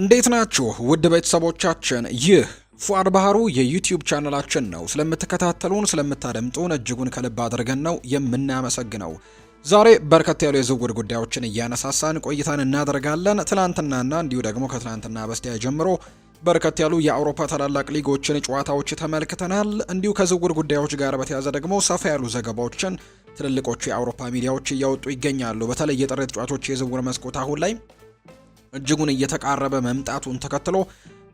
እንዴት ናችሁ ውድ ቤተሰቦቻችን? ይህ ፉአድ ባህሩ የዩቲዩብ ቻነላችን ነው። ስለምትከታተሉን ስለምታደምጡን እጅጉን ከልብ አድርገን ነው የምናመሰግነው። ዛሬ በርከት ያሉ የዝውውር ጉዳዮችን እያነሳሳን ቆይታን እናደርጋለን። ትናንትናና እንዲሁ ደግሞ ከትናንትና በስቲያ ጀምሮ በርከት ያሉ የአውሮፓ ታላላቅ ሊጎችን ጨዋታዎች ተመልክተናል። እንዲሁ ከዝውውር ጉዳዮች ጋር በተያያዘ ደግሞ ሰፋ ያሉ ዘገባዎችን ትልልቆቹ የአውሮፓ ሚዲያዎች እያወጡ ይገኛሉ። በተለይ የጥሬ ተጫዋቾች የዝውውር መስኮት አሁን ላይ እጅጉን እየተቃረበ መምጣቱን ተከትሎ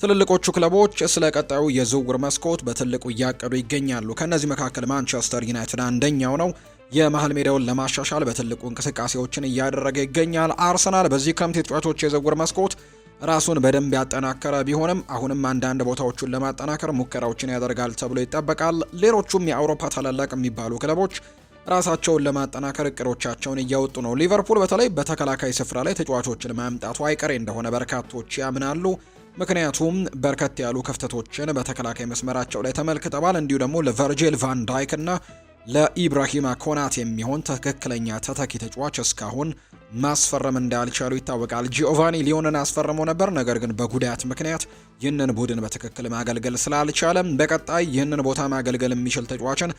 ትልልቆቹ ክለቦች ስለ ቀጣዩ የዝውውር መስኮት በትልቁ እያቀዱ ይገኛሉ። ከእነዚህ መካከል ማንቸስተር ዩናይትድ አንደኛው ነው። የመሀል ሜዳውን ለማሻሻል በትልቁ እንቅስቃሴዎችን እያደረገ ይገኛል። አርሰናል በዚህ ክረምት የተጫዋቾች የዝውውር መስኮት ራሱን በደንብ ያጠናከረ ቢሆንም አሁንም አንዳንድ ቦታዎቹን ለማጠናከር ሙከራዎችን ያደርጋል ተብሎ ይጠበቃል። ሌሎቹም የአውሮፓ ታላላቅ የሚባሉ ክለቦች ራሳቸውን ለማጠናከር እቅዶቻቸውን እያወጡ ነው። ሊቨርፑል በተለይ በተከላካይ ስፍራ ላይ ተጫዋቾችን ማምጣቱ አይቀሬ እንደሆነ በርካቶች ያምናሉ። ምክንያቱም በርከት ያሉ ክፍተቶችን በተከላካይ መስመራቸው ላይ ተመልክተዋል። እንዲሁ ደግሞ ለቨርጂል ቫን ዳይክ እና ለኢብራሂማ ኮናት የሚሆን ትክክለኛ ተተኪ ተጫዋች እስካሁን ማስፈረም እንዳልቻሉ ይታወቃል። ጂኦቫኒ ሊዮንን አስፈርመው ነበር፣ ነገር ግን በጉዳት ምክንያት ይህንን ቡድን በትክክል ማገልገል ስላልቻለም በቀጣይ ይህንን ቦታ ማገልገል የሚችል ተጫዋችን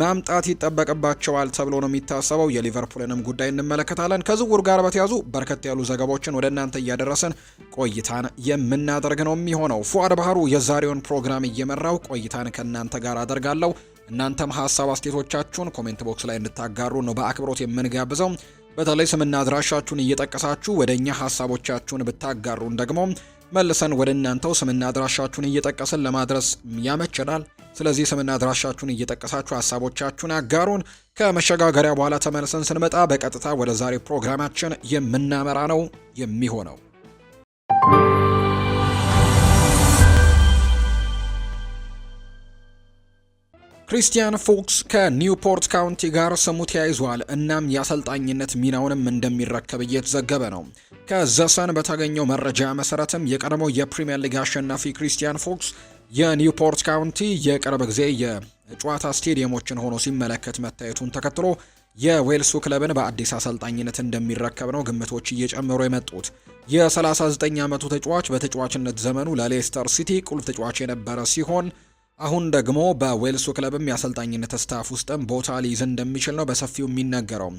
ማምጣት ይጠበቅባቸዋል ተብሎ ነው የሚታሰበው። የሊቨርፑልንም ጉዳይ እንመለከታለን። ከዝውውር ጋር በተያዙ በርከት ያሉ ዘገባዎችን ወደ እናንተ እያደረስን ቆይታን የምናደርግ ነው የሚሆነው። ፉአድ ባህሩ የዛሬውን ፕሮግራም እየመራው ቆይታን ከእናንተ ጋር አደርጋለሁ። እናንተም ሀሳብ አስቴቶቻችሁን ኮሜንት ቦክስ ላይ እንድታጋሩ ነው በአክብሮት የምንጋብዘው። በተለይ ስምና አድራሻችሁን እየጠቀሳችሁ ወደ እኛ ሀሳቦቻችሁን ብታጋሩን ደግሞ መልሰን ወደ እናንተው ስምና አድራሻችሁን እየጠቀስን ለማድረስ ያመችናል። ስለዚህ ስምና አድራሻችሁን እየጠቀሳችሁ ሀሳቦቻችሁን አጋሩን። ከመሸጋገሪያ በኋላ ተመልሰን ስንመጣ በቀጥታ ወደ ዛሬ ፕሮግራማችን የምናመራ ነው የሚሆነው። ክሪስቲያን ፎክስ ከኒውፖርት ካውንቲ ጋር ስሙ ተያይዟል። እናም የአሰልጣኝነት ሚናውንም እንደሚረከብ እየተዘገበ ነው። ከዘሰን በተገኘው መረጃ መሰረትም የቀድሞ የፕሪምየር ሊግ አሸናፊ ክሪስቲያን ፎክስ የኒውፖርት ካውንቲ የቅርብ ጊዜ የጨዋታ ስቴዲየሞችን ሆኖ ሲመለከት መታየቱን ተከትሎ የዌልሱ ክለብን በአዲስ አሰልጣኝነት እንደሚረከብ ነው ግምቶች እየጨመሩ የመጡት። የ39 ዓመቱ ተጫዋች በተጫዋችነት ዘመኑ ለሌስተር ሲቲ ቁልፍ ተጫዋች የነበረ ሲሆን አሁን ደግሞ በዌልሱ ክለብም የአሰልጣኝነት ስታፍ ውስጥም ቦታ ሊይዝ እንደሚችል ነው በሰፊው የሚነገረው።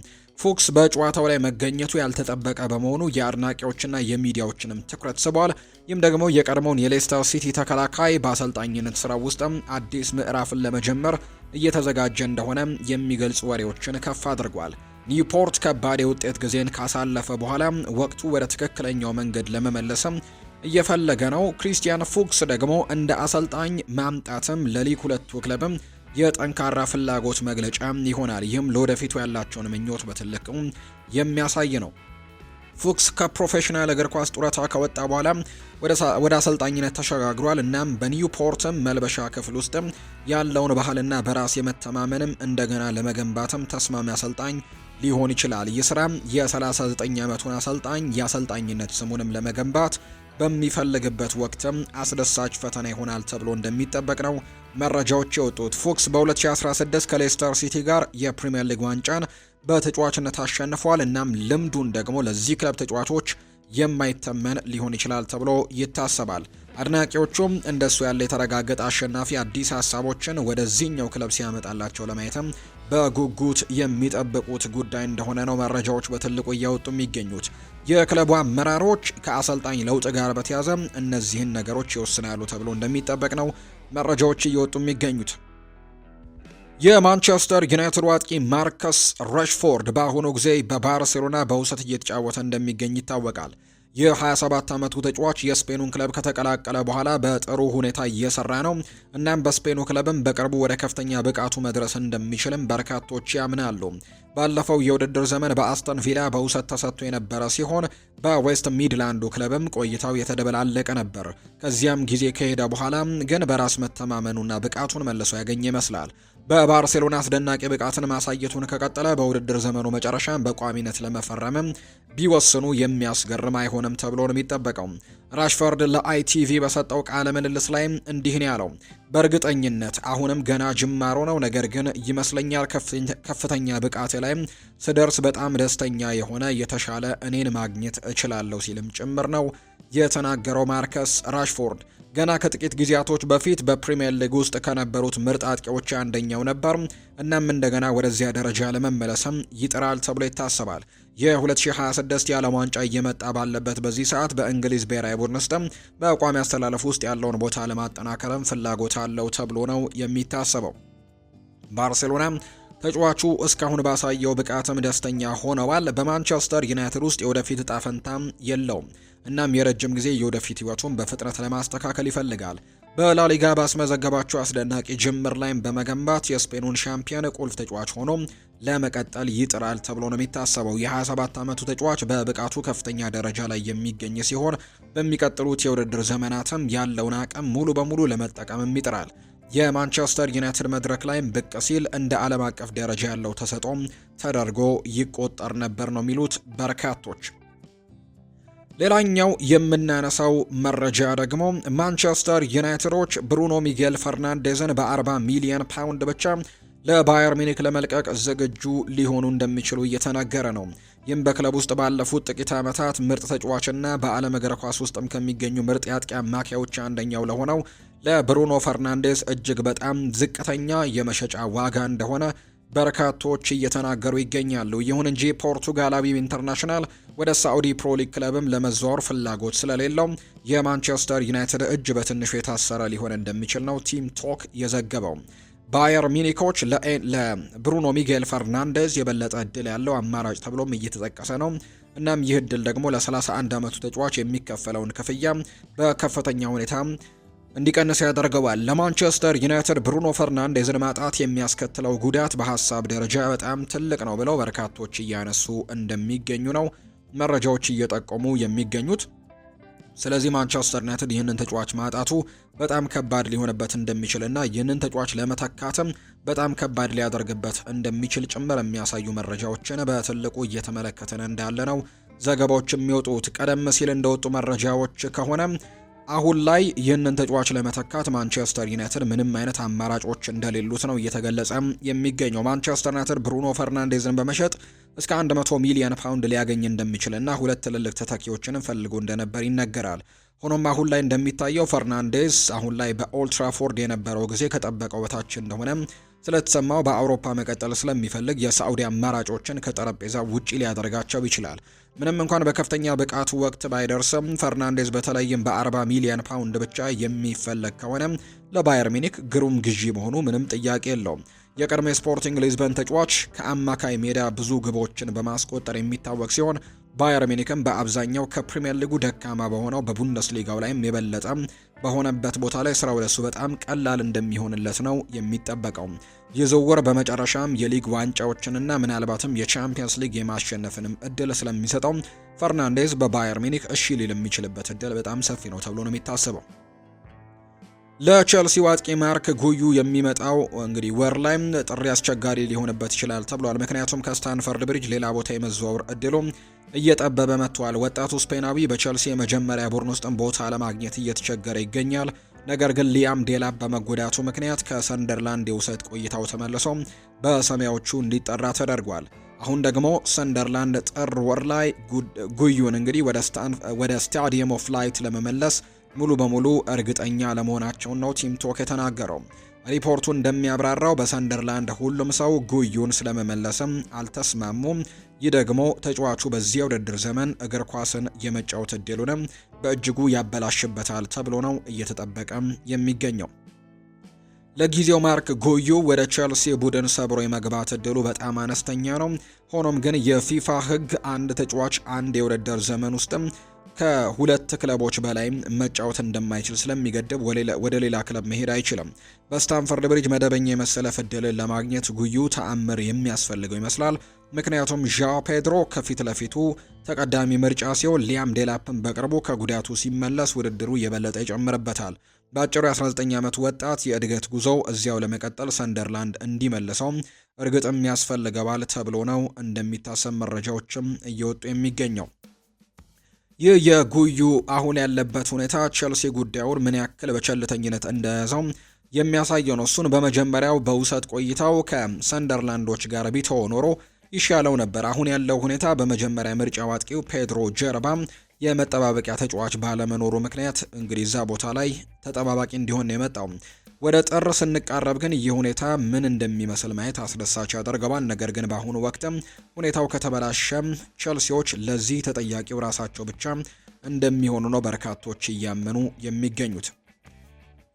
ፉክስ በጨዋታው ላይ መገኘቱ ያልተጠበቀ በመሆኑ የአድናቂዎችና የሚዲያዎችንም ትኩረት ስቧል። ይህም ደግሞ የቀድሞውን የሌስተር ሲቲ ተከላካይ በአሰልጣኝነት ስራ ውስጥም አዲስ ምዕራፍን ለመጀመር እየተዘጋጀ እንደሆነ የሚገልጹ ወሬዎችን ከፍ አድርጓል። ኒውፖርት ከባድ የውጤት ጊዜን ካሳለፈ በኋላ ወቅቱ ወደ ትክክለኛው መንገድ ለመመለስም እየፈለገ ነው። ክሪስቲያን ፉክስ ደግሞ እንደ አሰልጣኝ ማምጣትም ለሊግ ሁለቱ ክለብም የጠንካራ ፍላጎት መግለጫ ይሆናል። ይህም ለወደፊቱ ያላቸውን ምኞት በትልቅም የሚያሳይ ነው። ፉክስ ከፕሮፌሽናል እግር ኳስ ጡረታ ከወጣ በኋላ ወደ አሰልጣኝነት ተሸጋግሯል። እናም በኒውፖርትም መልበሻ ክፍል ውስጥም ያለውን ባህልና በራስ የመተማመንም እንደገና ለመገንባትም ተስማሚ አሰልጣኝ ሊሆን ይችላል። ይህ ስራ የ39 ዓመቱን አሰልጣኝ የአሰልጣኝነት ስሙንም ለመገንባት በሚፈልግበት ወቅትም አስደሳች ፈተና ይሆናል ተብሎ እንደሚጠበቅ ነው መረጃዎች የወጡት። ፉክስ በ2016 ከሌስተር ሲቲ ጋር የፕሪምየር ሊግ ዋንጫን በተጫዋችነት አሸንፏል። እናም ልምዱን ደግሞ ለዚህ ክለብ ተጫዋቾች የማይተመን ሊሆን ይችላል ተብሎ ይታሰባል። አድናቂዎቹም እንደሱ ያለ የተረጋገጠ አሸናፊ አዲስ ሀሳቦችን ወደዚህኛው ክለብ ሲያመጣላቸው ለማየትም በጉጉት የሚጠብቁት ጉዳይ እንደሆነ ነው መረጃዎች በትልቁ እያወጡ የሚገኙት። የክለቡ አመራሮች ከአሰልጣኝ ለውጥ ጋር በተያያዘ እነዚህን ነገሮች ይወስናሉ ተብሎ እንደሚጠበቅ ነው መረጃዎች እየወጡ የሚገኙት። የማንቸስተር ዩናይትድ አጥቂ ማርከስ ራሽፎርድ በአሁኑ ጊዜ በባርሴሎና በውሰት እየተጫወተ እንደሚገኝ ይታወቃል። የ27 ዓመቱ ተጫዋች የስፔኑን ክለብ ከተቀላቀለ በኋላ በጥሩ ሁኔታ እየሰራ ነው። እናም በስፔኑ ክለብም በቅርቡ ወደ ከፍተኛ ብቃቱ መድረስ እንደሚችልም በርካቶች ያምናሉ። ባለፈው የውድድር ዘመን በአስተን ቪላ በውሰት ተሰጥቶ የነበረ ሲሆን በዌስት ሚድላንዱ ክለብም ቆይታው የተደበላለቀ ነበር። ከዚያም ጊዜ ከሄደ በኋላ ግን በራስ መተማመኑና ብቃቱን መልሶ ያገኘ ይመስላል። በባርሴሎና አስደናቂ ብቃትን ማሳየቱን ከቀጠለ በውድድር ዘመኑ መጨረሻ በቋሚነት ለመፈረምም ቢወስኑ የሚያስገርም አይሆንም ተብሎ ነው የሚጠበቀው። ራሽፎርድ ለአይቲቪ በሰጠው ቃለ ምልልስ ላይም እንዲህ ነው ያለው። በእርግጠኝነት አሁንም ገና ጅማሮ ነው፣ ነገር ግን ይመስለኛል ከፍተኛ ብቃት ላይ ስደርስ በጣም ደስተኛ የሆነ የተሻለ እኔን ማግኘት እችላለሁ ሲልም ጭምር ነው የተናገረው ማርከስ ራሽፎርድ። ገና ከጥቂት ጊዜያቶች በፊት በፕሪምየር ሊግ ውስጥ ከነበሩት ምርጥ አጥቂዎች አንደኛው ነበር። እናም እንደገና ወደዚያ ደረጃ ለመመለስም ይጥራል ተብሎ ይታሰባል። የ2026 የዓለም ዋንጫ እየመጣ ባለበት በዚህ ሰዓት በእንግሊዝ ብሔራዊ ቡድን ውስጥም በቋሚ አስተላለፍ ውስጥ ያለውን ቦታ ለማጠናከርም ፍላጎት አለው ተብሎ ነው የሚታሰበው። ባርሴሎና ተጫዋቹ እስካሁን ባሳየው ብቃትም ደስተኛ ሆነዋል። በማንቸስተር ዩናይትድ ውስጥ የወደፊት እጣ ፈንታም የለውም። እናም የረጅም ጊዜ የወደፊት ህይወቱን በፍጥነት ለማስተካከል ይፈልጋል። በላሊጋ ባስመዘገባቸው አስደናቂ ጅምር ላይም በመገንባት የስፔኑን ሻምፒዮን ቁልፍ ተጫዋች ሆኖ ለመቀጠል ይጥራል ተብሎ ነው የሚታሰበው። የ27 ዓመቱ ተጫዋች በብቃቱ ከፍተኛ ደረጃ ላይ የሚገኝ ሲሆን በሚቀጥሉት የውድድር ዘመናትም ያለውን አቅም ሙሉ በሙሉ ለመጠቀምም ይጥራል። የማንቸስተር ዩናይትድ መድረክ ላይም ብቅ ሲል እንደ ዓለም አቀፍ ደረጃ ያለው ተሰጥኦም ተደርጎ ይቆጠር ነበር ነው የሚሉት በርካቶች። ሌላኛው የምናነሳው መረጃ ደግሞ ማንቸስተር ዩናይትዶች ብሩኖ ሚጌል ፈርናንዴዝን በ40 ሚሊዮን ፓውንድ ብቻ ለባየር ሚኒክ ለመልቀቅ ዝግጁ ሊሆኑ እንደሚችሉ እየተናገረ ነው። ይህም በክለብ ውስጥ ባለፉት ጥቂት ዓመታት ምርጥ ተጫዋችና በዓለም እግር ኳስ ውስጥም ከሚገኙ ምርጥ የአጥቂ አማካዮች አንደኛው ለሆነው ለብሩኖ ፈርናንዴዝ እጅግ በጣም ዝቅተኛ የመሸጫ ዋጋ እንደሆነ በርካቶች እየተናገሩ ይገኛሉ። ይሁን እንጂ ፖርቱጋላዊው ኢንተርናሽናል ወደ ሳዑዲ ፕሮ ሊግ ክለብም ለመዘዋወር ፍላጎት ስለሌለው የማንቸስተር ዩናይትድ እጅ በትንሹ የታሰረ ሊሆን እንደሚችል ነው ቲም ቶክ የዘገበው። ባየር ሚኒኮች ለብሩኖ ሚጌል ፈርናንዴዝ የበለጠ እድል ያለው አማራጭ ተብሎም እየተጠቀሰ ነው። እናም ይህ እድል ደግሞ ለ31 ዓመቱ ተጫዋች የሚከፈለውን ክፍያ በከፍተኛ ሁኔታ እንዲቀንስ ያደርገዋል። ለማንቸስተር ዩናይትድ ብሩኖ ፈርናንዴዝን ማጣት የሚያስከትለው ጉዳት በሀሳብ ደረጃ በጣም ትልቅ ነው ብለው በርካቶች እያነሱ እንደሚገኙ ነው መረጃዎች እየጠቆሙ የሚገኙት። ስለዚህ ማንቸስተር ዩናይትድ ይህንን ተጫዋች ማጣቱ በጣም ከባድ ሊሆንበት እንደሚችል እና ይህንን ተጫዋች ለመተካትም በጣም ከባድ ሊያደርግበት እንደሚችል ጭምር የሚያሳዩ መረጃዎችን በትልቁ እየተመለከተን እንዳለ ነው ዘገባዎች የሚወጡት። ቀደም ሲል እንደወጡ መረጃዎች ከሆነ አሁን ላይ ይህንን ተጫዋች ለመተካት ማንቸስተር ዩናይትድ ምንም አይነት አማራጮች እንደሌሉት ነው እየተገለጸ የሚገኘው። ማንቸስተር ዩናይትድ ብሩኖ ፈርናንዴዝን በመሸጥ እስከ 100 ሚሊዮን ፓውንድ ሊያገኝ እንደሚችልና ሁለት ትልልቅ ተተኪዎችንም ፈልጎ እንደነበር ይነገራል። ሆኖም አሁን ላይ እንደሚታየው ፈርናንዴዝ አሁን ላይ በኦልትራፎርድ የነበረው ጊዜ ከጠበቀው በታች እንደሆነ ስለተሰማው በአውሮፓ መቀጠል ስለሚፈልግ የሳዑዲ አማራጮችን ከጠረጴዛ ውጪ ሊያደርጋቸው ይችላል። ምንም እንኳን በከፍተኛ ብቃቱ ወቅት ባይደርስም ፈርናንዴዝ በተለይም በ40 ሚሊዮን ፓውንድ ብቻ የሚፈለግ ከሆነ ለባየር ሚኒክ ግሩም ግዢ መሆኑ ምንም ጥያቄ የለውም። የቀድሞ ስፖርቲንግ ሊዝበን ተጫዋች ከአማካይ ሜዳ ብዙ ግቦችን በማስቆጠር የሚታወቅ ሲሆን ባየር ሚኒክም በአብዛኛው ከፕሪምየር ሊጉ ደካማ በሆነው በቡንደስሊጋው ላይም የበለጠ በሆነበት ቦታ ላይ ስራው ለሱ በጣም ቀላል እንደሚሆንለት ነው የሚጠበቀው። ይህ በመጨረሻም የሊግ ዋንጫዎችንና ምናልባትም የቻምፒየንስ ሊግ የማሸነፍንም እድል ስለሚሰጠው ፈርናንዴዝ በባየር ሚኒክ እሺ ሊል የሚችልበት እድል በጣም ሰፊ ነው ተብሎ ነው የሚታሰበው ለቸልሲ አጥቂ ማርክ ጉዩ የሚመጣው እንግዲህ ወር ላይም ጥሪ አስቸጋሪ ሊሆንበት ይችላል ተብሏል። ምክንያቱም ከስታንፈርድ ብሪጅ ሌላ ቦታ የመዘዋወር እድሉ እየጠበበ መጥቷል። ወጣቱ ስፔናዊ በቸልሲ የመጀመሪያ ቡድን ውስጥም ቦታ ለማግኘት እየተቸገረ ይገኛል። ነገር ግን ሊያም ዴላፕ በመጎዳቱ ምክንያት ከሰንደርላንድ የውሰት ቆይታው ተመልሶ በሰማያዎቹ እንዲጠራ ተደርጓል። አሁን ደግሞ ሰንደርላንድ ጥር ወር ላይ ጉዩን እንግዲህ ወደ ስታዲየም ኦፍ ላይት ለመመለስ ሙሉ በሙሉ እርግጠኛ ለመሆናቸውን ነው ቲም ቶክ የተናገረው። ሪፖርቱ እንደሚያብራራው በሰንደርላንድ ሁሉም ሰው ጉዩን ስለመመለስም አልተስማሙም። ይህ ደግሞ ተጫዋቹ በዚህ የውድድር ዘመን እግር ኳስን የመጫወት እድሉንም በእጅጉ ያበላሽበታል ተብሎ ነው እየተጠበቀም የሚገኘው። ለጊዜው ማርክ ጉዩ ወደ ቼልሲ ቡድን ሰብሮ የመግባት እድሉ በጣም አነስተኛ ነው። ሆኖም ግን የፊፋ ሕግ አንድ ተጫዋች አንድ የውድድር ዘመን ውስጥም ከሁለት ክለቦች በላይም መጫወት እንደማይችል ስለሚገድብ ወደ ሌላ ክለብ መሄድ አይችልም። በስታንፈርድ ብሪጅ መደበኛ የመሰለ እድልን ለማግኘት ጉዩ ተአምር የሚያስፈልገው ይመስላል። ምክንያቱም ዣ ፔድሮ ከፊት ለፊቱ ተቀዳሚ ምርጫ ሲሆን፣ ሊያም ዴላፕን በቅርቡ ከጉዳቱ ሲመለስ ውድድሩ የበለጠ ይጨምርበታል። በአጭሩ የ19 ዓመት ወጣት የእድገት ጉዞው እዚያው ለመቀጠል ሰንደርላንድ እንዲመልሰው እርግጥም ያስፈልገዋል ተብሎ ነው እንደሚታሰብ መረጃዎችም እየወጡ የሚገኘው። ይህ የጉዩ አሁን ያለበት ሁኔታ ቼልሲ ጉዳዩን ምን ያክል በቸልተኝነት እንደያዘው የሚያሳየው ነው። እሱን በመጀመሪያው በውሰት ቆይታው ከሰንደርላንዶች ጋር ቢተው ኖሮ ይሻለው ነበር። አሁን ያለው ሁኔታ በመጀመሪያ ምርጫ አጥቂው ፔድሮ ጀርባ የመጠባበቂያ ተጫዋች ባለመኖሩ ምክንያት እንግዲህ እዛ ቦታ ላይ ተጠባባቂ እንዲሆን ነው የመጣው። ወደ ጥር ስንቃረብ ግን ይህ ሁኔታ ምን እንደሚመስል ማየት አስደሳች ያደርገዋል። ነገር ግን በአሁኑ ወቅትም ሁኔታው ከተበላሸም ቸልሲዎች ለዚህ ተጠያቂው ራሳቸው ብቻ እንደሚሆኑ ነው በርካቶች እያመኑ የሚገኙት።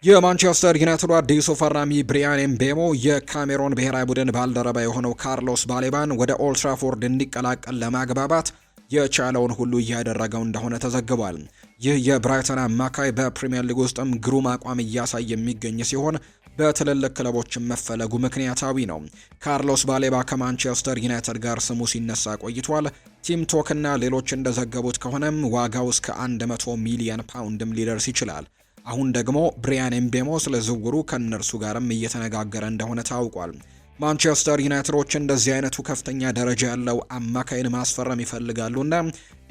የማንቸስተር ዩናይትዱ አዲሱ ፈራሚ ብሪያን ኤምቤሞ የካሜሮን ብሔራዊ ቡድን ባልደረባ የሆነው ካርሎስ ባሌባን ወደ ኦልትራፎርድ እንዲቀላቀል ለማግባባት የቻለውን ሁሉ እያደረገው እንደሆነ ተዘግቧል። ይህ የብራይተን አማካይ በፕሪምየር ሊግ ውስጥም ግሩም አቋም እያሳየ የሚገኝ ሲሆን በትልልቅ ክለቦችን መፈለጉ ምክንያታዊ ነው። ካርሎስ ባሌባ ከማንቸስተር ዩናይትድ ጋር ስሙ ሲነሳ ቆይቷል። ቲም ቶክና ሌሎች እንደዘገቡት ከሆነም ዋጋው እስከ 100 ሚሊዮን ፓውንድም ሊደርስ ይችላል። አሁን ደግሞ ብሪያን ኤምቤሞ ስለ ዝውውሩ ከእነርሱ ጋርም እየተነጋገረ እንደሆነ ታውቋል። ማንቸስተር ዩናይትዶች እንደዚህ አይነቱ ከፍተኛ ደረጃ ያለው አማካይን ማስፈረም ይፈልጋሉና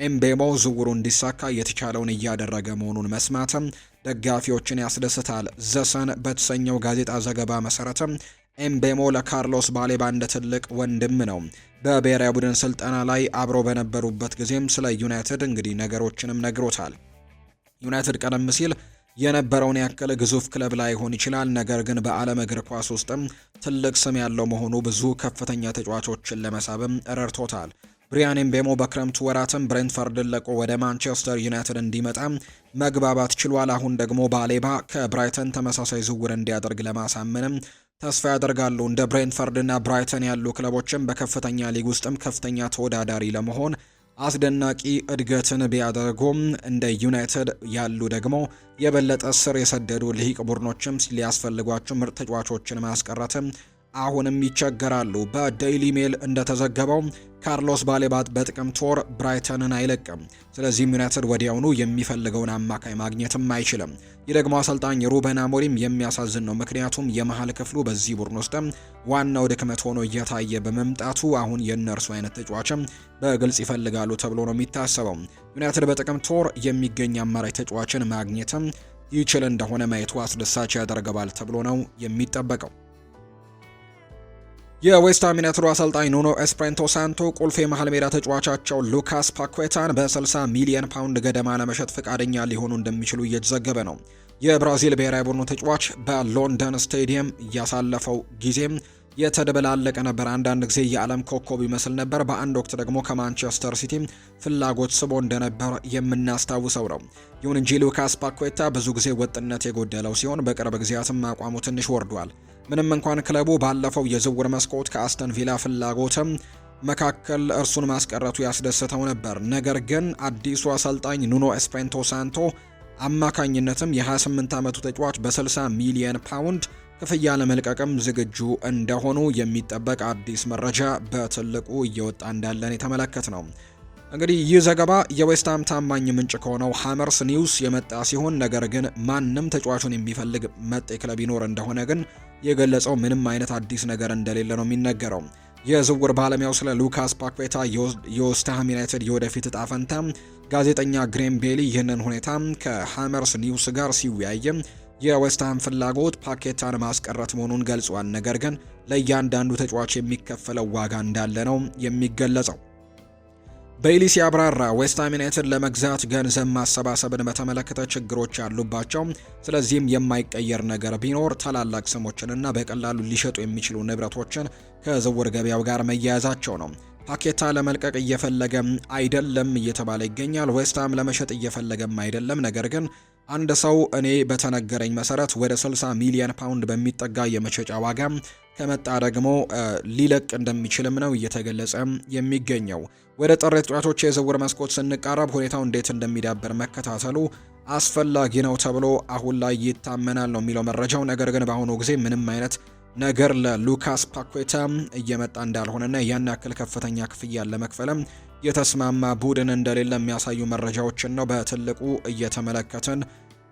ኤምቤሞ ዝውሩ እንዲሳካ የተቻለውን እያደረገ መሆኑን መስማትም ደጋፊዎችን ያስደስታል። ዘሰን በተሰኘው ጋዜጣ ዘገባ መሰረትም ኤምቤሞ ለካርሎስ ባሌባ እንደ ትልቅ ወንድም ነው። በብሔራዊ ቡድን ስልጠና ላይ አብሮ በነበሩበት ጊዜም ስለ ዩናይትድ እንግዲህ ነገሮችንም ነግሮታል። ዩናይትድ ቀደም ሲል የነበረውን ያከለ ግዙፍ ክለብ ላይሆን ይችላል፣ ነገር ግን በዓለም እግር ኳስ ውስጥም ትልቅ ስም ያለው መሆኑ ብዙ ከፍተኛ ተጫዋቾችን ለመሳብም ረድቶታል። ብሪያን ኤምቤሞ በክረምቱ ወራትም ብሬንትፈርድን ለቆ ወደ ማንቸስተር ዩናይትድ እንዲመጣ መግባባት ችሏል። አሁን ደግሞ ባሌባ ከብራይተን ተመሳሳይ ዝውውር እንዲያደርግ ለማሳመንም ተስፋ ያደርጋሉ። እንደ ብሬንትፈርድና ብራይተን ያሉ ክለቦችም በከፍተኛ ሊግ ውስጥም ከፍተኛ ተወዳዳሪ ለመሆን አስደናቂ እድገትን ቢያደርጉም እንደ ዩናይትድ ያሉ ደግሞ የበለጠ ስር የሰደዱ ልሂቅ ቡድኖችም ሊያስፈልጓቸው ምርጥ ተጫዋቾችን ማስቀረትም አሁንም ይቸገራሉ። በዴይሊ ሜል እንደተዘገበው ካርሎስ ባሌባ በጥቅምት ወር ብራይተንን አይለቅም። ስለዚህም ዩናይትድ ወዲያውኑ የሚፈልገውን አማካይ ማግኘትም አይችልም። ይህ ደግሞ አሰልጣኝ ሩበን አሞሪም የሚያሳዝን ነው። ምክንያቱም የመሀል ክፍሉ በዚህ ቡድን ውስጥም ዋናው ድክመት ሆኖ እየታየ በመምጣቱ አሁን የእነርሱ አይነት ተጫዋችም በግልጽ ይፈልጋሉ ተብሎ ነው የሚታሰበው። ዩናይትድ በጥቅምት ወር የሚገኝ አማራጭ ተጫዋችን ማግኘትም ይችል እንደሆነ ማየቱ አስደሳች ያደርገዋል ተብሎ ነው የሚጠበቀው። የዌስትሃም ዩናይትድ አሰልጣኝ ኑኖ ኤስፕሬንቶ ሳንቶ ቁልፍ የመሀል ሜዳ ተጫዋቻቸው ሉካስ ፓኩዌታን በ60 ሚሊዮን ፓውንድ ገደማ ለመሸጥ ፈቃደኛ ሊሆኑ እንደሚችሉ እየተዘገበ ነው። የብራዚል ብሔራዊ ቡድኑ ተጫዋች በሎንደን ስቴዲየም እያሳለፈው ጊዜም የተደበላለቀ ነበር። አንዳንድ ጊዜ የዓለም ኮከብ ይመስል ነበር። በአንድ ወቅት ደግሞ ከማንቸስተር ሲቲ ፍላጎት ስቦ እንደነበር የምናስታውሰው ነው። ይሁን እንጂ ሉካስ ፓኩዌታ ብዙ ጊዜ ወጥነት የጎደለው ሲሆን፣ በቅርብ ጊዜያትም አቋሙ ትንሽ ወርዷል። ምንም እንኳን ክለቡ ባለፈው የዝውውር መስኮት ከአስተን ቪላ ፍላጎትም መካከል እርሱን ማስቀረቱ ያስደስተው ነበር። ነገር ግን አዲሱ አሰልጣኝ ኑኖ ኤስፔንቶ ሳንቶ አማካኝነትም የ28 ዓመቱ ተጫዋች በ60 ሚሊየን ፓውንድ ክፍያ ለመልቀቅም ዝግጁ እንደሆኑ የሚጠበቅ አዲስ መረጃ በትልቁ እየወጣ እንዳለን የተመለከት ነው። እንግዲህ ይህ ዘገባ የዌስትሃም ታማኝ ምንጭ ከሆነው ሃመርስ ኒውስ የመጣ ሲሆን ነገር ግን ማንም ተጫዋቹን የሚፈልግ መጤ ክለብ ይኖር እንደሆነ ግን የገለጸው ምንም አይነት አዲስ ነገር እንደሌለ ነው የሚነገረው። የዝውውር ባለሙያው ስለ ሉካስ ፓኬታ የዌስትሃም ዩናይትድ የወደፊት እጣ ፈንታ ጋዜጠኛ ግሬም ቤሊ ይህንን ሁኔታ ከሃመርስ ኒውስ ጋር ሲወያይም የዌስትሃም ፍላጎት ፓኬታን ማስቀረት መሆኑን ገልጿል። ነገር ግን ለእያንዳንዱ ተጫዋች የሚከፈለው ዋጋ እንዳለ ነው የሚገለጸው። ቤይሊ ሲያብራራ ዌስትሃም ዩናይትድ ለመግዛት ገንዘብ ማሰባሰብን በተመለከተ ችግሮች አሉባቸው። ስለዚህም የማይቀየር ነገር ቢኖር ታላላቅ ስሞችንና በቀላሉ ሊሸጡ የሚችሉ ንብረቶችን ከዝውውር ገበያው ጋር መያያዛቸው ነው። ፓኬታ ለመልቀቅ እየፈለገም አይደለም እየተባለ ይገኛል። ዌስትሃም ለመሸጥ እየፈለገም አይደለም። ነገር ግን አንድ ሰው እኔ በተነገረኝ መሰረት ወደ 60 ሚሊዮን ፓውንድ በሚጠጋ የመሸጫ ዋጋ ከመጣ ደግሞ ሊለቅ እንደሚችልም ነው እየተገለጸ የሚገኘው። ወደ ጥር ተጫዋቾች የዝውውር መስኮት ስንቃረብ ሁኔታው እንዴት እንደሚዳበር መከታተሉ አስፈላጊ ነው ተብሎ አሁን ላይ ይታመናል ነው የሚለው መረጃው። ነገር ግን በአሁኑ ጊዜ ምንም አይነት ነገር ለሉካስ ፓኩዌታ እየመጣ እንዳልሆነና ያን ያክል ከፍተኛ ክፍያ ለመክፈልም የተስማማ ቡድን እንደሌለ የሚያሳዩ መረጃዎችን ነው በትልቁ እየተመለከትን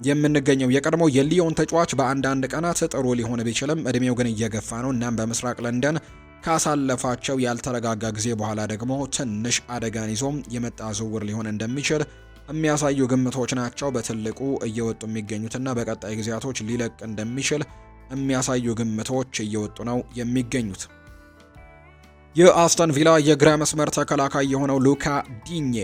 የምንገኘው። የቀድሞ የሊዮን ተጫዋች በአንዳንድ ቀናት ጥሩ ሊሆን ቢችልም እድሜው ግን እየገፋ ነው። እናም በምስራቅ ለንደን ካሳለፋቸው ያልተረጋጋ ጊዜ በኋላ ደግሞ ትንሽ አደጋን ይዞም የመጣ ዝውውር ሊሆን እንደሚችል የሚያሳዩ ግምቶች ናቸው በትልቁ እየወጡ የሚገኙትና በቀጣይ ጊዜያቶች ሊለቅ እንደሚችል የሚያሳዩ ግምቶች እየወጡ ነው የሚገኙት። የአስተን ቪላ የግራ መስመር ተከላካይ የሆነው ሉካ ዲኜ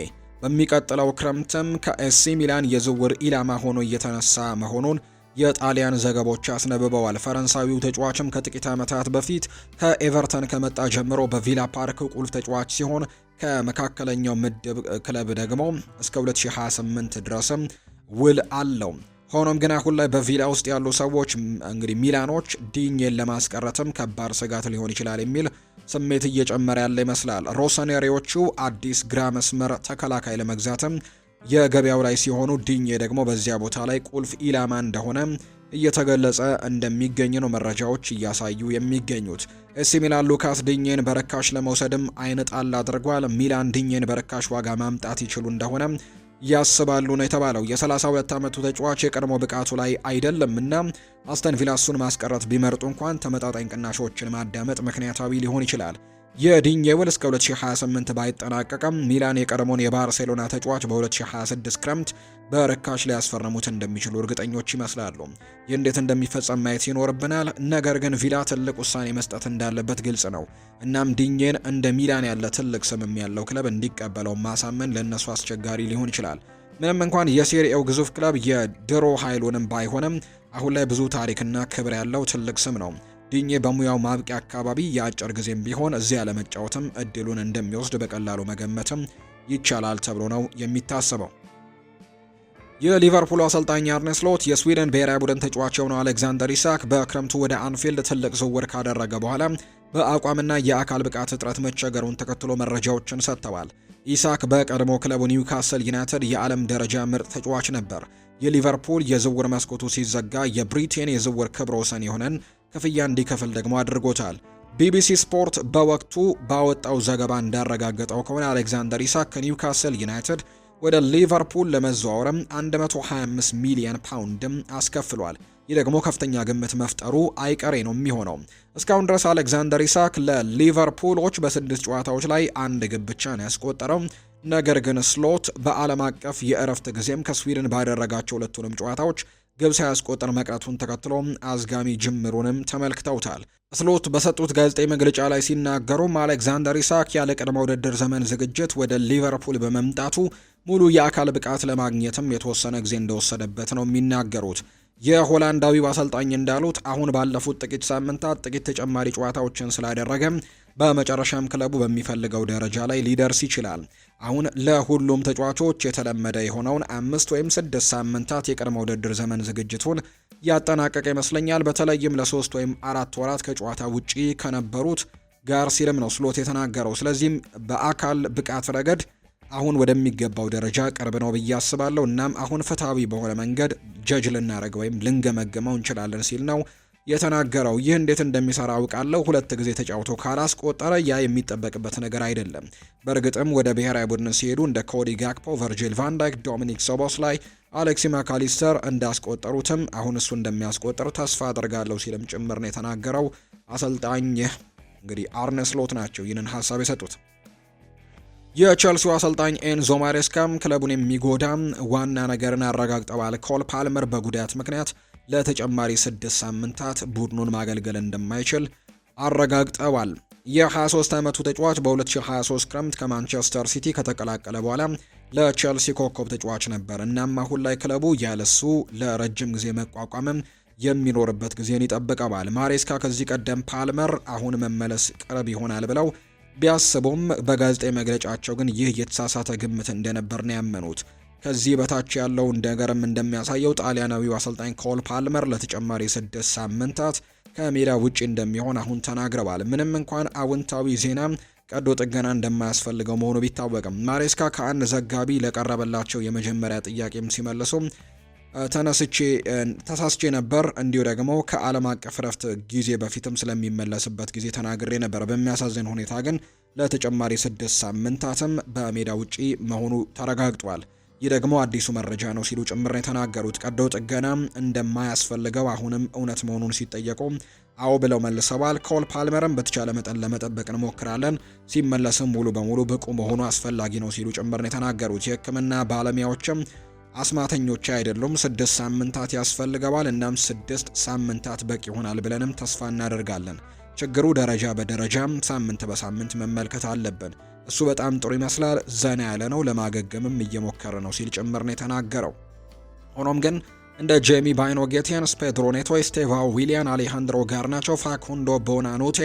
በሚቀጥለው ክረምትም ከኤሲ ሚላን የዝውውር ኢላማ ሆኖ እየተነሳ መሆኑን የጣሊያን ዘገቦች አስነብበዋል። ፈረንሳዊው ተጫዋችም ከጥቂት ዓመታት በፊት ከኤቨርተን ከመጣ ጀምሮ በቪላ ፓርክ ቁልፍ ተጫዋች ሲሆን ከመካከለኛው ምድብ ክለብ ደግሞ እስከ 2028 ድረስም ውል አለው። ሆኖም ግን አሁን ላይ በቪላ ውስጥ ያሉ ሰዎች እንግዲህ ሚላኖች ዲኜን ለማስቀረትም ከባድ ስጋት ሊሆን ይችላል የሚል ስሜት እየጨመረ ያለ ይመስላል። ሮሰኔሪዎቹ አዲስ ግራ መስመር ተከላካይ ለመግዛትም የገበያው ላይ ሲሆኑ ዲኜ ደግሞ በዚያ ቦታ ላይ ቁልፍ ኢላማ እንደሆነ እየተገለጸ እንደሚገኝ ነው መረጃዎች እያሳዩ የሚገኙት። ኤሲ ሚላን ሉካስ ዲኜን በርካሽ ለመውሰድም አይነ ጣል አድርጓል። ሚላን ዲኜን በርካሽ ዋጋ ማምጣት ይችሉ እንደሆነ ያስባሉ ነው የተባለው። የ32 ዓመቱ ተጫዋች የቀድሞ ብቃቱ ላይ አይደለም እና አስተን ማስቀረት ቢመርጡ እንኳን ተመጣጣኝ ቅናሾችን ማዳመጥ ምክንያታዊ ሊሆን ይችላል። የዲኜ ውል እስከ 2028 ባይጠናቀቅም ሚላን የቀድሞውን የባርሴሎና ተጫዋች በ2026 ክረምት በርካሽ ሊያስፈርሙት እንደሚችሉ እርግጠኞች ይመስላሉ። ይህ እንዴት እንደሚፈጸም ማየት ይኖርብናል። ነገር ግን ቪላ ትልቅ ውሳኔ መስጠት እንዳለበት ግልጽ ነው። እናም ዲኜን እንደ ሚላን ያለ ትልቅ ስምም ያለው ክለብ እንዲቀበለው ማሳመን ለእነሱ አስቸጋሪ ሊሆን ይችላል። ምንም እንኳን የሴሪኤው ግዙፍ ክለብ የድሮ ኃይሉንም ባይሆንም አሁን ላይ ብዙ ታሪክና ክብር ያለው ትልቅ ስም ነው። ዲኜ በሙያው ማብቂያ አካባቢ የአጭር ጊዜም ቢሆን እዚያ ለመጫወትም እድሉን እንደሚወስድ በቀላሉ መገመትም ይቻላል ተብሎ ነው የሚታሰበው። የሊቨርፑል አሰልጣኝ አርነ ስሎት የስዊድን ብሔራዊ ቡድን ተጫዋች የሆነው አሌክዛንደር ኢሳክ በክረምቱ ወደ አንፊልድ ትልቅ ዝውውር ካደረገ በኋላ በአቋምና የአካል ብቃት እጥረት መቸገሩን ተከትሎ መረጃዎችን ሰጥተዋል። ኢሳክ በቀድሞ ክለቡ ኒውካስል ዩናይትድ የዓለም ደረጃ ምርጥ ተጫዋች ነበር። የሊቨርፑል የዝውውር መስኮቱ ሲዘጋ የብሪቴን የዝውውር ክብረ ወሰን የሆነን ክፍያ እንዲከፍል ደግሞ አድርጎታል። ቢቢሲ ስፖርት በወቅቱ ባወጣው ዘገባ እንዳረጋገጠው ከሆነ አሌክዛንደር ኢሳክ ከኒውካስል ዩናይትድ ወደ ሊቨርፑል ለመዘዋወርም 125 ሚሊዮን ፓውንድም አስከፍሏል። ይህ ደግሞ ከፍተኛ ግምት መፍጠሩ አይቀሬ ነው የሚሆነው። እስካሁን ድረስ አሌክዛንደር ኢሳክ ለሊቨርፑሎች በስድስት ጨዋታዎች ላይ አንድ ግብ ብቻ ነው ያስቆጠረው። ነገር ግን ስሎት በዓለም አቀፍ የእረፍት ጊዜም ከስዊድን ባደረጋቸው ሁለቱንም ጨዋታዎች ግብ ሳያስቆጥር መቅረቱን ተከትሎ አዝጋሚ ጅምሩንም ተመልክተውታል። ስሎት በሰጡት ጋዜጣዊ መግለጫ ላይ ሲናገሩም አሌክዛንደር ኢሳክ ያለ ቅድመ ውድድር ዘመን ዝግጅት ወደ ሊቨርፑል በመምጣቱ ሙሉ የአካል ብቃት ለማግኘትም የተወሰነ ጊዜ እንደወሰደበት ነው የሚናገሩት። የሆላንዳዊው አሰልጣኝ እንዳሉት አሁን ባለፉት ጥቂት ሳምንታት ጥቂት ተጨማሪ ጨዋታዎችን ስላደረገ በመጨረሻም ክለቡ በሚፈልገው ደረጃ ላይ ሊደርስ ይችላል። አሁን ለሁሉም ተጫዋቾች የተለመደ የሆነውን አምስት ወይም ስድስት ሳምንታት የቅድመ ውድድር ዘመን ዝግጅቱን ያጠናቀቀ ይመስለኛል። በተለይም ለሶስት ወይም አራት ወራት ከጨዋታ ውጪ ከነበሩት ጋር ሲልም ነው ስሎት የተናገረው። ስለዚህም በአካል ብቃት ረገድ አሁን ወደሚገባው ደረጃ ቅርብ ነው ብዬ አስባለሁ። እናም አሁን ፍትሐዊ በሆነ መንገድ ጀጅ ልናደርግ ወይም ልንገመግመው እንችላለን ሲል ነው የተናገረው። ይህ እንዴት እንደሚሰራ አውቃለሁ። ሁለት ጊዜ ተጫውቶ ካላስቆጠረ ያ የሚጠበቅበት ነገር አይደለም። በእርግጥም ወደ ብሔራዊ ቡድን ሲሄዱ እንደ ኮዲ ጋክፖ፣ ቨርጂል ቫንዳይክ፣ ዶሚኒክ ሶቦስ ላይ አሌክሲ ማካሊስተር እንዳስቆጠሩትም አሁን እሱ እንደሚያስቆጥር ተስፋ አድርጋለሁ ሲልም ጭምር ነው የተናገረው። አሰልጣኝ እንግዲህ አርነ ስሎት ናቸው ይህንን ሀሳብ የሰጡት። የቸልሲው አሰልጣኝ ኤንዞ ማሬስካም ክለቡን የሚጎዳም ዋና ነገርን አረጋግጠዋል። ኮል ፓልመር በጉዳት ምክንያት ለተጨማሪ ስድስት ሳምንታት ቡድኑን ማገልገል እንደማይችል አረጋግጠዋል። የ23 ዓመቱ ተጫዋች በ2023 ክረምት ከማንቸስተር ሲቲ ከተቀላቀለ በኋላ ለቼልሲ ኮከብ ተጫዋች ነበር። እናም አሁን ላይ ክለቡ ያለሱ ለረጅም ጊዜ መቋቋምም የሚኖርበት ጊዜን ይጠብቀዋል። ማሬስካ ከዚህ ቀደም ፓልመር አሁን መመለስ ቅርብ ይሆናል ብለው ቢያስቡም በጋዜጣዊ መግለጫቸው ግን ይህ የተሳሳተ ግምት እንደነበር ነው ያመኑት። ከዚህ በታች ያለው ነገርም እንደሚያሳየው ጣሊያናዊው አሰልጣኝ ኮል ፓልመር ለተጨማሪ ስድስት ሳምንታት ከሜዳ ውጪ እንደሚሆን አሁን ተናግረዋል። ምንም እንኳን አውንታዊ ዜና ቀዶ ጥገና እንደማያስፈልገው መሆኑ ቢታወቅም ማሬስካ ከአንድ ዘጋቢ ለቀረበላቸው የመጀመሪያ ጥያቄም ሲመልሱ ተነስቼ ተሳስቼ ነበር። እንዲሁ ደግሞ ከዓለም አቀፍ ረፍት ጊዜ በፊትም ስለሚመለስበት ጊዜ ተናግሬ ነበር። በሚያሳዝን ሁኔታ ግን ለተጨማሪ ስድስት ሳምንታትም በሜዳ ውጪ መሆኑ ተረጋግጧል። ይህ ደግሞ አዲሱ መረጃ ነው ሲሉ ጭምር የተናገሩት። ቀዶ ጥገና እንደማያስፈልገው አሁንም እውነት መሆኑን ሲጠየቁ አዎ ብለው መልሰዋል። ኮል ፓልመርም በተቻለ መጠን ለመጠበቅ እንሞክራለን፣ ሲመለስም ሙሉ በሙሉ ብቁ መሆኑ አስፈላጊ ነው ሲሉ ጭምር ነው የተናገሩት። የሕክምና ባለሙያዎችም አስማተኞች አይደሉም፣ ስድስት ሳምንታት ያስፈልገዋል። እናም ስድስት ሳምንታት በቂ ይሆናል ብለንም ተስፋ እናደርጋለን። ችግሩ ደረጃ በደረጃም ሳምንት በሳምንት መመልከት አለብን። እሱ በጣም ጥሩ ይመስላል፣ ዘና ያለ ነው፣ ለማገገምም እየሞከረ ነው ሲል ጭምር ነው የተናገረው። ሆኖም ግን እንደ ጄሚ ባይኖ ጌቴንስ፣ ፔድሮ ኔቶ፣ ስቴቫ ዊሊያን፣ አሌሃንድሮ ጋርናቾ፣ ፋኩንዶ ቦናኑቴ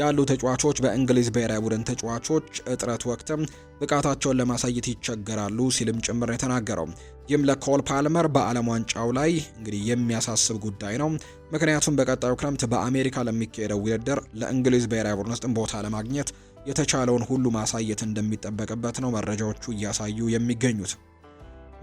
ያሉ ተጫዋቾች በእንግሊዝ ብሔራዊ ቡድን ተጫዋቾች እጥረት ወቅትም ብቃታቸውን ለማሳየት ይቸገራሉ ሲልም ጭምር ነው የተናገረው። ይህም ለኮል ፓልመር በዓለም ዋንጫው ላይ እንግዲህ የሚያሳስብ ጉዳይ ነው። ምክንያቱም በቀጣዩ ክረምት በአሜሪካ ለሚካሄደው ውድድር ለእንግሊዝ ብሔራዊ ቡድን ውስጥም ቦታ ለማግኘት የተቻለውን ሁሉ ማሳየት እንደሚጠበቅበት ነው መረጃዎቹ እያሳዩ የሚገኙት።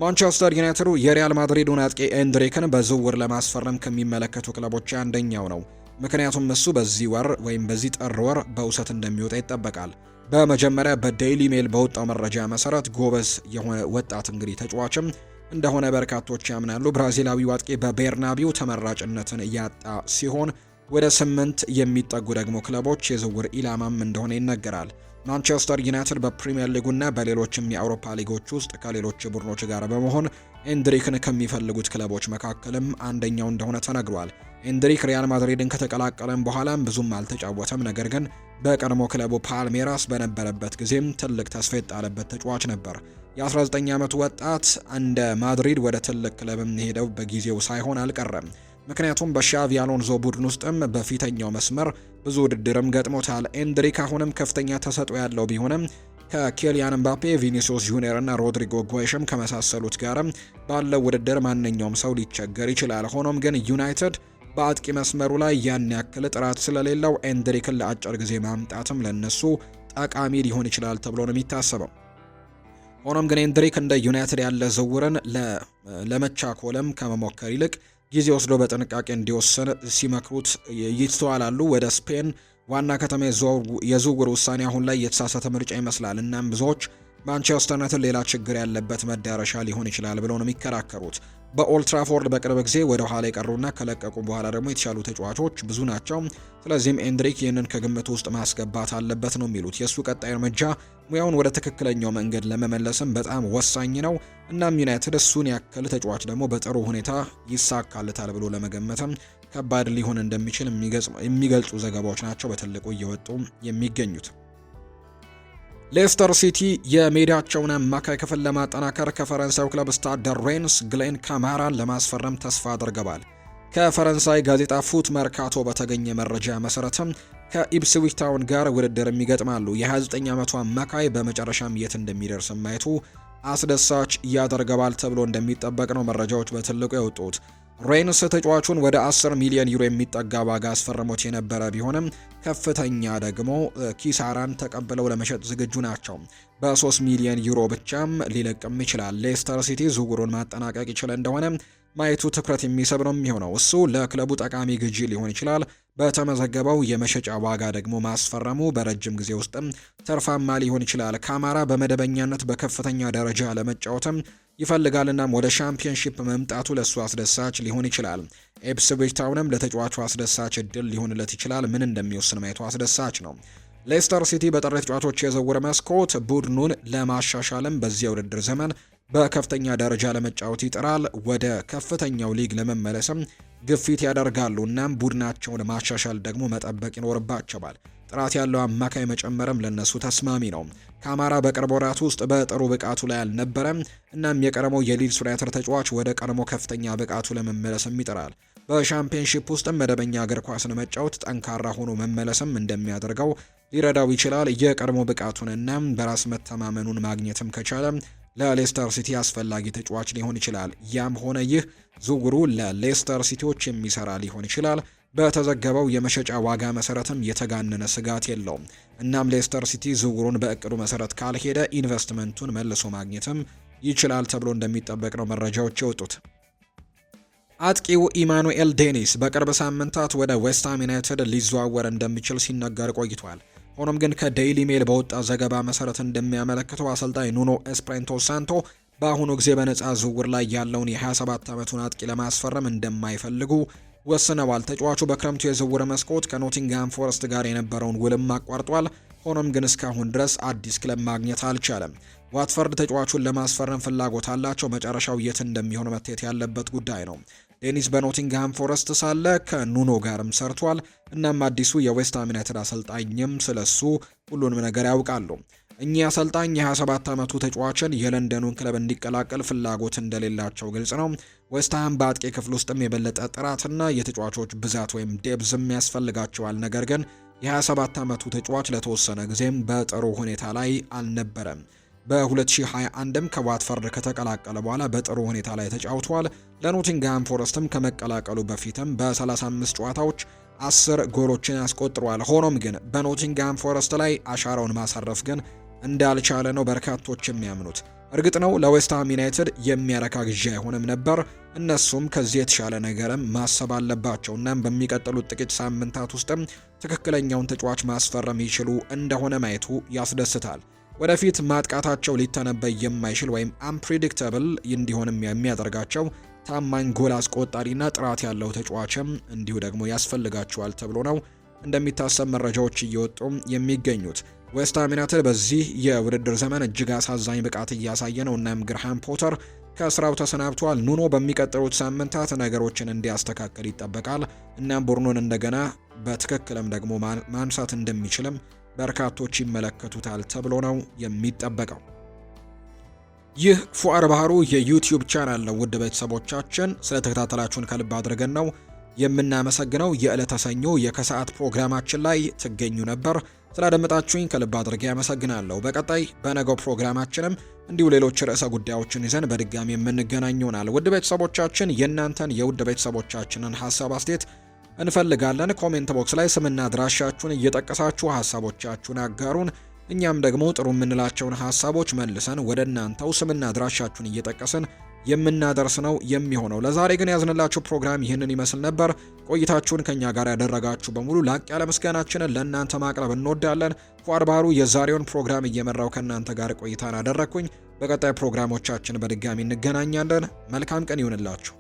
ማንቸስተር ዩናይትዱ የሪያል ማድሪዱን አጥቂ ኤንድሪክን በዝውውር ለማስፈረም ከሚመለከቱ ክለቦች አንደኛው ነው። ምክንያቱም እሱ በዚህ ወር ወይም በዚህ ጥር ወር በውሰት እንደሚወጣ ይጠበቃል። በመጀመሪያ በዴይሊ ሜል በወጣው መረጃ መሰረት ጎበዝ የሆነ ወጣት እንግዲህ ተጫዋችም እንደሆነ በርካቶች ያምናሉ። ብራዚላዊው አጥቂ በቤርናቢው ተመራጭነትን እያጣ ሲሆን ወደ ስምንት የሚጠጉ ደግሞ ክለቦች የዝውውር ኢላማም እንደሆነ ይነገራል። ማንቸስተር ዩናይትድ በፕሪምየር ሊጉና በሌሎችም የአውሮፓ ሊጎች ውስጥ ከሌሎች ቡድኖች ጋር በመሆን ኤንድሪክን ከሚፈልጉት ክለቦች መካከልም አንደኛው እንደሆነ ተነግሯል። ኤንድሪክ ሪያል ማድሪድን ከተቀላቀለም በኋላም ብዙም አልተጫወተም። ነገር ግን በቀድሞ ክለቡ ፓልሜራስ በነበረበት ጊዜም ትልቅ ተስፋ የጣለበት ተጫዋች ነበር። የ19 ዓመቱ ወጣት እንደ ማድሪድ ወደ ትልቅ ክለብም ሄደው በጊዜው ሳይሆን አልቀረም። ምክንያቱም በሻቪ አሎንዞ ቡድን ውስጥም በፊተኛው መስመር ብዙ ውድድርም ገጥሞታል። ኤንድሪክ አሁንም ከፍተኛ ተሰጥኦ ያለው ቢሆንም ከኬሊያን ምባፔ፣ ቪኒሲዮስ ጁኒየር እና ሮድሪጎ ጓይሽም ከመሳሰሉት ጋርም ባለው ውድድር ማንኛውም ሰው ሊቸገር ይችላል። ሆኖም ግን ዩናይትድ በአጥቂ መስመሩ ላይ ያን ያክል ጥራት ስለሌለው ኤንድሪክን ለአጭር ጊዜ ማምጣትም ለነሱ ጠቃሚ ሊሆን ይችላል ተብሎ ነው የሚታሰበው። ሆኖም ግን ኤንድሪክ እንደ ዩናይትድ ያለ ዝውውርን ለመቻኮለም ከመሞከር ይልቅ ጊዜ ወስዶ በጥንቃቄ እንዲወስን ሲመክሩት ይስተዋላሉ። ወደ ስፔን ዋና ከተማ የዝውውር ውሳኔ አሁን ላይ የተሳሳተ ምርጫ ይመስላል። እናም ብዙዎች ማንቸስተር ዩናይትድ ሌላ ችግር ያለበት መዳረሻ ሊሆን ይችላል ብለው ነው የሚከራከሩት። በኦልትራፎርድ በቅርብ ጊዜ ወደ ኋላ የቀሩና ከለቀቁ በኋላ ደግሞ የተሻሉ ተጫዋቾች ብዙ ናቸው። ስለዚህም ኤንድሪክ ይህንን ከግምት ውስጥ ማስገባት አለበት ነው የሚሉት። የእሱ ቀጣይ እርምጃ ሙያውን ወደ ትክክለኛው መንገድ ለመመለስም በጣም ወሳኝ ነው። እናም ዩናይትድ እሱን ያክል ተጫዋች ደግሞ በጥሩ ሁኔታ ይሳካልታል ብሎ ለመገመትም ከባድ ሊሆን እንደሚችል የሚገልጹ ዘገባዎች ናቸው በትልቁ እየወጡ የሚገኙት። ሌስተር ሲቲ የሜዳቸውን አማካይ ክፍል ለማጠናከር ከፈረንሳዩ ክለብ ስታድ ሬንስ ግሌን ካማራን ለማስፈረም ተስፋ አድርገዋል። ከፈረንሳይ ጋዜጣ ፉት መርካቶ በተገኘ መረጃ መሰረትም ከኢፕስዊች ታውን ጋር ውድድር ይገጥማሉ። የ29 ዓመቱ አማካይ በመጨረሻም የት እንደሚደርስ ማየቱ አስደሳች ያደርገዋል ተብሎ እንደሚጠበቅ ነው መረጃዎች በትልቁ የወጡት። ሬንስ ተጫዋቹን ወደ 10 ሚሊዮን ዩሮ የሚጠጋ ዋጋ አስፈርሞት የነበረ ቢሆንም ከፍተኛ ደግሞ ኪሳራን ተቀብለው ለመሸጥ ዝግጁ ናቸው። በ3 ሚሊዮን ዩሮ ብቻም ሊለቅም ይችላል። ሌስተር ሲቲ ዝውውሩን ማጠናቀቅ ይችል እንደሆነ ማየቱ ትኩረት የሚስብ ነው የሚሆነው። እሱ ለክለቡ ጠቃሚ ግዢ ሊሆን ይችላል። በተመዘገበው የመሸጫ ዋጋ ደግሞ ማስፈረሙ በረጅም ጊዜ ውስጥም ተርፋማ ሊሆን ይችላል። ካማራ በመደበኛነት በከፍተኛ ደረጃ ለመጫወትም ይፈልጋልና ወደ ሻምፒዮንሺፕ መምጣቱ ለእሱ አስደሳች ሊሆን ይችላል። ኤፕስዊች ታውንም ለተጫዋቹ አስደሳች እድል ሊሆንለት ይችላል። ምን እንደሚወስን ማየቱ አስደሳች ነው። ሌስተር ሲቲ በጥሬ ተጫዋቾች የዝውውር መስኮት ቡድኑን ለማሻሻልም በዚያ ውድድር ዘመን በከፍተኛ ደረጃ ለመጫወት ይጥራል። ወደ ከፍተኛው ሊግ ለመመለስም ግፊት ያደርጋሉ። እናም ቡድናቸውን ማሻሻል ደግሞ መጠበቅ ይኖርባቸዋል። ጥራት ያለው አማካይ መጨመርም ለነሱ ተስማሚ ነው። ከአማራ በቅርብ ወራት ውስጥ በጥሩ ብቃቱ ላይ አልነበረም። እናም የቀድሞው የሊድስ ዩናይትድ ተጫዋች ወደ ቀድሞ ከፍተኛ ብቃቱ ለመመለስም ይጥራል። በሻምፒዮንሺፕ ውስጥም መደበኛ እግር ኳስን መጫወት ጠንካራ ሆኖ መመለስም እንደሚያደርገው ሊረዳው ይችላል። የቀድሞ ብቃቱንና በራስ መተማመኑን ማግኘትም ከቻለ ለሌስተር ሲቲ አስፈላጊ ተጫዋች ሊሆን ይችላል። ያም ሆነ ይህ ዝውውሩ ለሌስተር ሲቲዎች የሚሰራ ሊሆን ይችላል። በተዘገበው የመሸጫ ዋጋ መሰረትም የተጋነነ ስጋት የለውም። እናም ሌስተር ሲቲ ዝውውሩን በእቅዱ መሰረት ካልሄደ ኢንቨስትመንቱን መልሶ ማግኘትም ይችላል ተብሎ እንደሚጠበቅ ነው መረጃዎች የወጡት። አጥቂው ኢማኑኤል ዴኒስ በቅርብ ሳምንታት ወደ ዌስትሃም ዩናይትድ ሊዘዋወር እንደሚችል ሲነገር ቆይቷል። ሆኖም ግን ከዴይሊ ሜል በወጣ ዘገባ መሰረት እንደሚያመለክተው አሰልጣኝ ኑኖ ኤስፕሬንቶ ሳንቶ በአሁኑ ጊዜ በነፃ ዝውውር ላይ ያለውን የ27 ዓመቱን አጥቂ ለማስፈረም እንደማይፈልጉ ወስነዋል። ተጫዋቹ በክረምቱ የዝውውር መስኮት ከኖቲንግሃም ፎረስት ጋር የነበረውን ውልም አቋርጧል። ሆኖም ግን እስካሁን ድረስ አዲስ ክለብ ማግኘት አልቻለም። ዋትፈርድ ተጫዋቹን ለማስፈረም ፍላጎት አላቸው። መጨረሻው የት እንደሚሆን መታየት ያለበት ጉዳይ ነው። ዴኒስ በኖቲንግሃም ፎረስት ሳለ ከኑኖ ጋርም ሰርቷል። እናም አዲሱ የዌስትሃም ዩናይትድ አሰልጣኝም ስለሱ ሁሉንም ነገር ያውቃሉ። እኚህ አሰልጣኝ የ27 ዓመቱ ተጫዋችን የለንደኑን ክለብ እንዲቀላቀል ፍላጎት እንደሌላቸው ግልጽ ነው። ዌስትሃም በአጥቂ ክፍል ውስጥም የበለጠ ጥራትና የተጫዋቾች ብዛት ወይም ዴብዝም ያስፈልጋቸዋል። ነገር ግን የ27 ዓመቱ ተጫዋች ለተወሰነ ጊዜም በጥሩ ሁኔታ ላይ አልነበረም። በ2021ም ከዋትፈርድ ከተቀላቀለ በኋላ በጥሩ ሁኔታ ላይ ተጫውቷል። ለኖቲንግሃም ፎረስትም ከመቀላቀሉ በፊትም በ35 ጨዋታዎች አስር ጎሎችን ያስቆጥሯል። ሆኖም ግን በኖቲንግሃም ፎረስት ላይ አሻራውን ማሳረፍ ግን እንዳልቻለ ነው በርካቶች የሚያምኑት። እርግጥ ነው ለዌስትሃም ዩናይትድ የሚያረካ ግዢ አይሆንም ነበር። እነሱም ከዚህ የተሻለ ነገርም ማሰብ አለባቸው። እናም በሚቀጥሉት ጥቂት ሳምንታት ውስጥም ትክክለኛውን ተጫዋች ማስፈረም ይችሉ እንደሆነ ማየቱ ያስደስታል። ወደፊት ማጥቃታቸው ሊተነበይ የማይችል ወይም አንፕሪዲክተብል እንዲሆንም የሚያደርጋቸው ታማኝ ጎል አስቆጣሪና ጥራት ያለው ተጫዋችም እንዲሁ ደግሞ ያስፈልጋቸዋል ተብሎ ነው እንደሚታሰብ መረጃዎች እየወጡ የሚገኙት። ዌስትሃም ዩናይትድ በዚህ የውድድር ዘመን እጅግ አሳዛኝ ብቃት እያሳየ ነው። እናም ግርሃም ፖተር ከስራው ተሰናብቷል። ኑኖ በሚቀጥሉት ሳምንታት ነገሮችን እንዲያስተካክል ይጠበቃል። እናም ቡድኑን እንደገና በትክክልም ደግሞ ማንሳት እንደሚችልም በርካቶች ይመለከቱታል ተብሎ ነው የሚጠበቀው። ይህ ፉአር ባህሩ የዩቲዩብ ቻናል ነው። ውድ ቤተሰቦቻችን ስለተከታተላችሁን ከልብ አድርገን ነው የምናመሰግነው። የዕለተ ሰኞ የከሰዓት ፕሮግራማችን ላይ ትገኙ ነበር። ስላደመጣችሁኝ ከልብ አድርገ ያመሰግናለሁ። በቀጣይ በነገው ፕሮግራማችንም እንዲሁ ሌሎች ርዕሰ ጉዳዮችን ይዘን በድጋሚ የምንገናኝ ይሆናል። ውድ ቤተሰቦቻችን የእናንተን የውድ ቤተሰቦቻችንን ሀሳብ አስተያየት እንፈልጋለን። ኮሜንት ቦክስ ላይ ስምና አድራሻችሁን እየጠቀሳችሁ ሀሳቦቻችሁን አጋሩን። እኛም ደግሞ ጥሩ የምንላቸውን ሀሳቦች መልሰን ወደ እናንተው ስምና አድራሻችሁን እየጠቀስን የምናደርስ ነው የሚሆነው። ለዛሬ ግን ያዝንላችሁ ፕሮግራም ይህንን ይመስል ነበር። ቆይታችሁን ከኛ ጋር ያደረጋችሁ በሙሉ ላቅ ያለ ምስጋናችንን ለእናንተ ማቅረብ እንወዳለን። ፏር የዛሬውን ፕሮግራም እየመራው ከእናንተ ጋር ቆይታን አደረግኩኝ። በቀጣይ ፕሮግራሞቻችን በድጋሚ እንገናኛለን። መልካም ቀን ይሁንላችሁ።